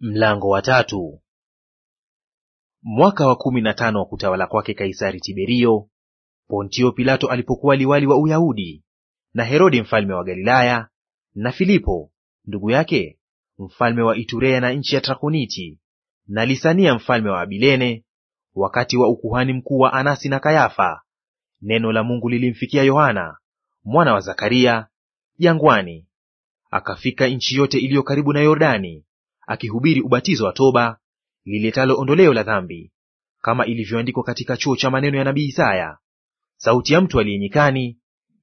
Mlango wa tatu. Mwaka wa kumi na tano wa kutawala kwake Kaisari Tiberio, Pontio Pilato alipokuwa liwali wa Uyahudi, na Herode mfalme wa Galilaya, na Filipo ndugu yake mfalme wa Iturea na nchi ya Trakoniti, na Lisania mfalme wa Abilene, wakati wa ukuhani mkuu wa Anasi na Kayafa, neno la Mungu lilimfikia Yohana mwana wa Zakaria jangwani, akafika nchi yote iliyo karibu na Yordani akihubiri ubatizo wa toba liletalo ondoleo la dhambi, kama ilivyoandikwa katika chuo cha maneno ya nabii Isaya, sauti ya mtu aliyenyikani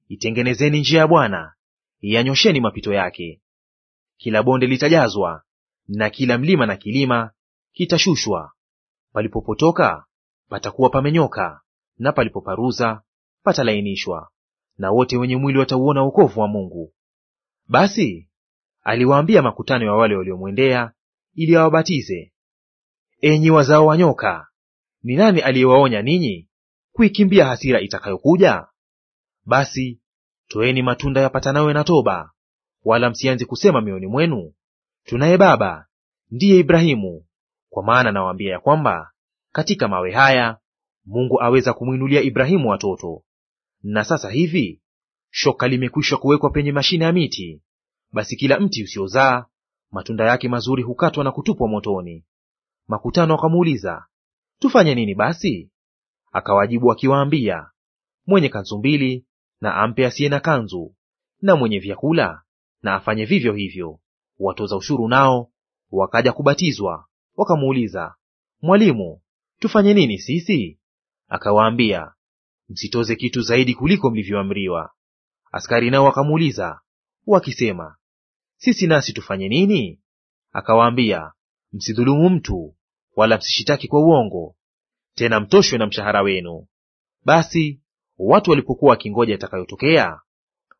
itengenezeni njia ya Bwana, iyanyosheni mapito yake. Kila bonde litajazwa na kila mlima na kilima kitashushwa. Palipopotoka patakuwa pamenyoka, na palipoparuza patalainishwa, na wote wenye mwili watauona wokovu wa Mungu. Basi aliwaambia makutano ya wale waliomwendea ili awabatize, enyi wazao wa nyoka, ni nani aliyewaonya ninyi kuikimbia hasira itakayokuja? Basi toeni matunda yapatanayo na toba, wala msianze kusema mioyoni mwenu, tunaye baba ndiye Ibrahimu. Kwa maana nawaambia ya kwamba katika mawe haya Mungu aweza kumwinulia Ibrahimu watoto. Na sasa hivi shoka limekwisha kuwekwa penye mashina ya miti, basi kila mti usiozaa matunda yake mazuri hukatwa na kutupwa motoni. Makutano wakamuuliza, tufanye nini basi? Akawajibu akiwaambia, mwenye kanzu mbili na ampe asiye na kanzu, na mwenye vyakula na afanye vivyo hivyo. Watoza ushuru nao wakaja kubatizwa, wakamuuliza, Mwalimu, tufanye nini sisi? Akawaambia, msitoze kitu zaidi kuliko mlivyoamriwa. Askari nao wakamuuliza wakisema, sisi nasi tufanye nini? Akawaambia, msidhulumu mtu, wala msishitaki kwa uongo, tena mtoshwe na mshahara wenu. Basi watu walipokuwa wakingoja itakayotokea,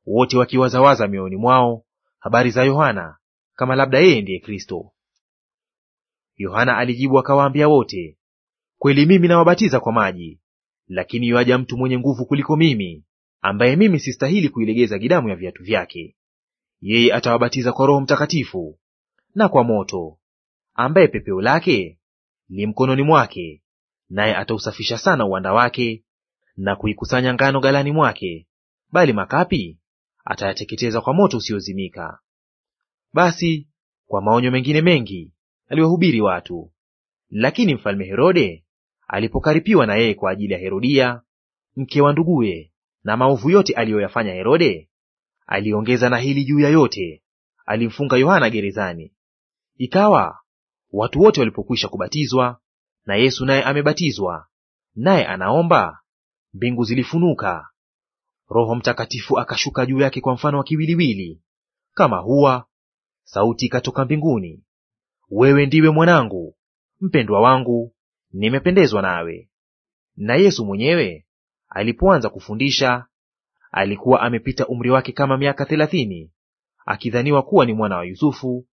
wote wakiwazawaza mioyoni mwao habari za Yohana, kama labda yeye ndiye Kristo. Yohana alijibu akawaambia wote, kweli mimi nawabatiza kwa maji, lakini yuaja mtu mwenye nguvu kuliko mimi, ambaye mimi sistahili kuilegeza gidamu ya viatu vyake. Yeye atawabatiza kwa Roho Mtakatifu na kwa moto, ambaye pepeo lake li mkononi mwake, naye atausafisha sana uwanda wake na kuikusanya ngano ghalani mwake, bali makapi atayateketeza kwa moto usiozimika. Basi kwa maonyo mengine mengi aliwahubiri watu. Lakini mfalme Herode alipokaripiwa na yeye kwa ajili ya Herodia mke wa nduguye, na maovu yote aliyoyafanya Herode, Aliongeza na hili juu ya yote, alimfunga Yohana gerezani. Ikawa watu wote walipokwisha kubatizwa, na Yesu naye amebatizwa, naye anaomba, mbingu zilifunuka, Roho Mtakatifu akashuka juu yake kwa mfano wa kiwiliwili kama hua, sauti ikatoka mbinguni, wewe ndiwe mwanangu mpendwa wangu, nimependezwa nawe. Na Yesu mwenyewe alipoanza kufundisha alikuwa amepita umri wake kama miaka thelathini, akidhaniwa kuwa ni mwana wa Yusufu,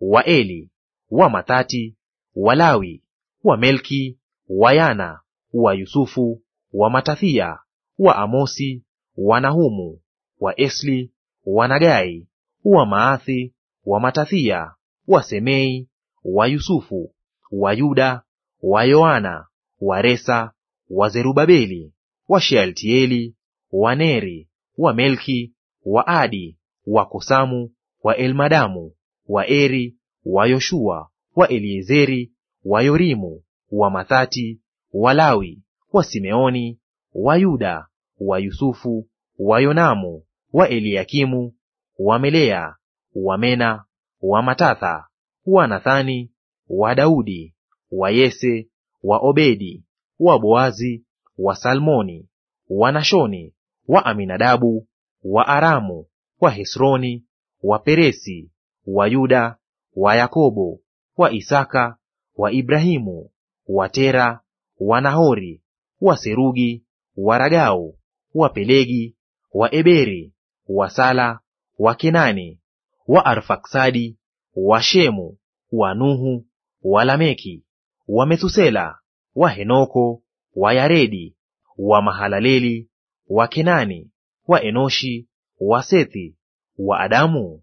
wa Eli, wa Mathati, wa Lawi, wa Melki, wa Yana, wa Yusufu, wa Matathia, wa Amosi, wa Nahumu, wa Esli, wa Nagai, wa Maathi, wa Matathia, wa Semei, wa Yusufu, wa Yuda, wa Yoana, wa Resa, wa Zerubabeli, wa Shealtieli, wa Neri, wa Melki, wa Adi, wa Kosamu, wa Elmadamu, wa Eri, wa Yoshua, wa Eliezeri, wa Yorimu, wa Mathati, wa Lawi, wa Simeoni, wa Yuda, wa Yusufu, wa Yonamu, wa Eliakimu, wa Melea, wa Mena, wa Matatha, wa Nathani, wa Daudi, wa Yese, wa Obedi, wa Boazi, wa Salmoni, wa Nashoni, wa Aminadabu, wa Aramu, wa Hesroni, wa Peresi, wa Yuda, wa Yakobo, wa Isaka, wa Ibrahimu, wa Tera, wa Nahori, wa Serugi, wa Ragau, wa Pelegi, wa Eberi, wa Sala, wa Kenani, wa Arfaksadi, wa Shemu, wa Nuhu, wa Lameki, wa Methusela, wa Henoko, wa Yaredi, wa Mahalaleli, wa kenani wa Enoshi, wa Sethi, wa Adamu,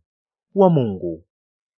wa Mungu.